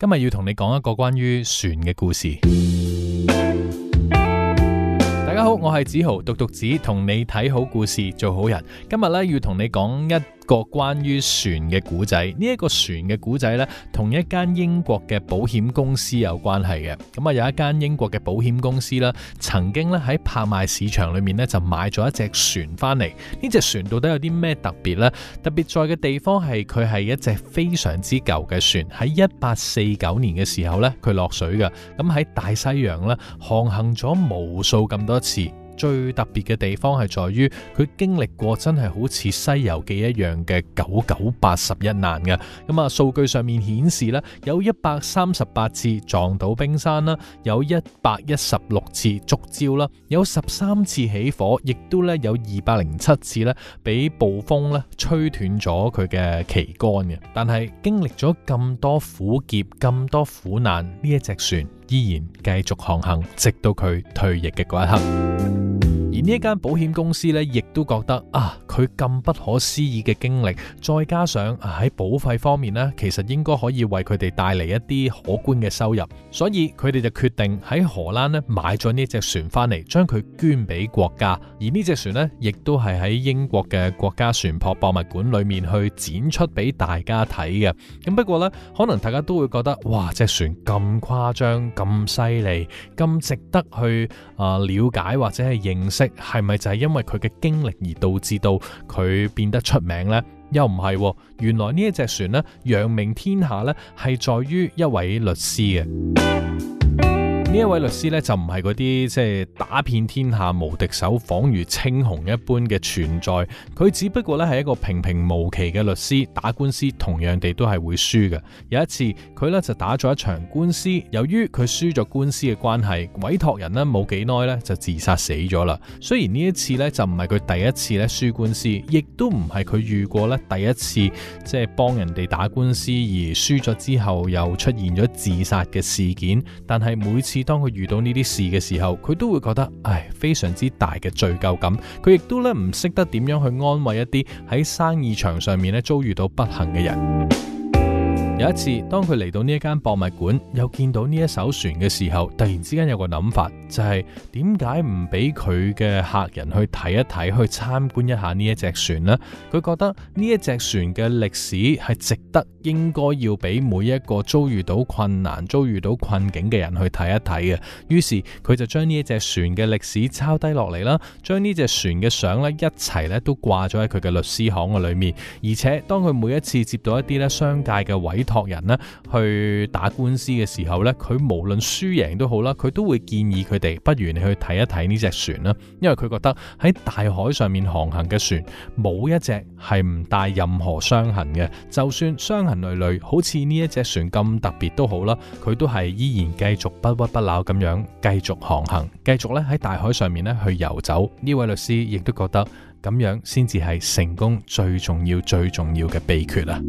今日要同你講一個關於船嘅故事。大家好，我係梓豪，獨讀子，同你睇好故事，做好人。今日呢，要同你講一個關於船嘅古仔，呢、這、一個船嘅古仔呢，同一間英國嘅保險公司有關係嘅。咁啊，有一間英國嘅保險公司啦，曾經呢喺拍賣市場裏面呢，就買咗一隻船翻嚟。呢隻船到底有啲咩特別呢？特別在嘅地方係佢係一隻非常之舊嘅船，喺一八四九年嘅時候呢，佢落水嘅。咁喺大西洋呢，航行咗無數咁多次。最特別嘅地方係在於佢經歷過真係好似《西遊記》一樣嘅九九八十一難嘅。咁啊，數據上面顯示呢，有一百三十八次撞到冰山啦，有一百一十六次觸礁啦，有十三次起火，亦都呢有二百零七次呢被暴風呢吹斷咗佢嘅旗杆嘅。但係經歷咗咁多苦澀、咁多苦難，呢一隻船依然繼續航行，直到佢退役嘅嗰一刻。而呢間保險公司咧，亦都覺得啊，佢咁不可思議嘅經歷，再加上喺保費方面咧，其實應該可以為佢哋帶嚟一啲可觀嘅收入，所以佢哋就決定喺荷蘭咧買咗呢隻船翻嚟，將佢捐俾國家。而呢隻船咧，亦都係喺英國嘅國家船舶博物館裏面去展出俾大家睇嘅。咁不過咧，可能大家都會覺得，哇，隻船咁誇張、咁犀利、咁值得去啊了解或者係認識，係咪就係因為佢嘅經歷而導致到？佢變得出名咧，又唔係喎，原來呢一隻船呢，揚名天下呢，係在於一位律師嘅。呢位律師呢，就唔係嗰啲即係打遍天下無敵手，仿如青紅一般嘅存在。佢只不過呢，係一個平平無奇嘅律師，打官司同樣地都係會輸嘅。有一次佢呢，就打咗一場官司，由於佢輸咗官司嘅關係，委託人呢冇幾耐呢，就自殺死咗啦。雖然呢一次呢，就唔係佢第一次呢輸官司，亦都唔係佢遇過呢第一次即係、就是、幫人哋打官司而輸咗之後又出現咗自殺嘅事件，但係每次。當佢遇到呢啲事嘅時候，佢都會覺得，唉，非常之大嘅罪疚感。佢亦都咧唔識得點樣去安慰一啲喺生意場上面咧遭遇到不幸嘅人。有一次，當佢嚟到呢一間博物館，又見到呢一艘船嘅時候，突然之間有個諗法，就係點解唔俾佢嘅客人去睇一睇，去參觀一下呢一隻船呢？佢覺得呢一隻船嘅歷史係值得，應該要俾每一個遭遇到困難、遭遇到困境嘅人去睇一睇嘅。於是佢就將呢一隻船嘅歷史抄低落嚟啦，將呢隻船嘅相咧一齊咧都掛咗喺佢嘅律師行嘅裏面。而且當佢每一次接到一啲咧商界嘅委，託人呢去打官司嘅時候呢，佢無論輸贏都好啦，佢都會建議佢哋，不如你去睇一睇呢隻船啦，因為佢覺得喺大海上面航行嘅船，冇一隻係唔帶任何傷痕嘅，就算傷痕累累，好似呢一隻船咁特別都好啦，佢都係依然繼續不屈不撓咁樣繼續航行，繼續咧喺大海上面咧去遊走。呢位律師亦都覺得咁樣先至係成功最重要、最重要嘅秘訣啊！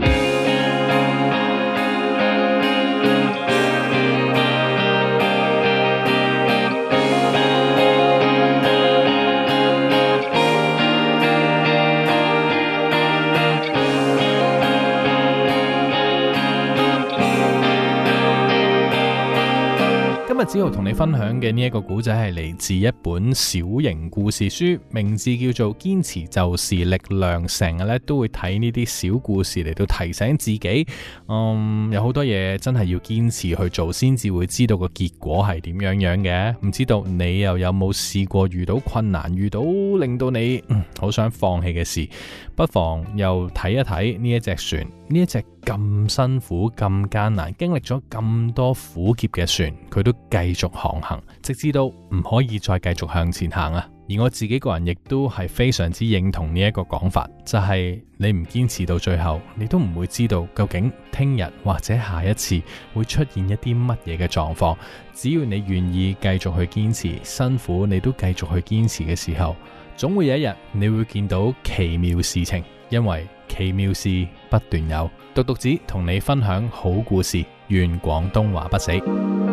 之後同你分享嘅呢一個古仔係嚟自一本小型故事書，名字叫做《堅持就是力量》。成日咧都會睇呢啲小故事嚟，到提醒自己，嗯，有好多嘢真係要堅持去做，先至會知道個結果係點樣樣嘅。唔知道你又有冇試過遇到困難，遇到令到你好，嗯，想放棄嘅事，不妨又睇一睇呢一隻船，呢一隻。咁辛苦、咁艱難，經歷咗咁多苦澀嘅船，佢都繼續航行，直至到唔可以再繼續向前行啊！而我自己個人亦都係非常之認同呢一個講法，就係、是、你唔堅持到最後，你都唔會知道究竟聽日或者下一次會出現一啲乜嘢嘅狀況。只要你願意繼續去堅持，辛苦你都繼續去堅持嘅時候，總會有一日你會見到奇妙事情，因為。奇妙事不斷有，獨讀子同你分享好故事，願廣東話不死。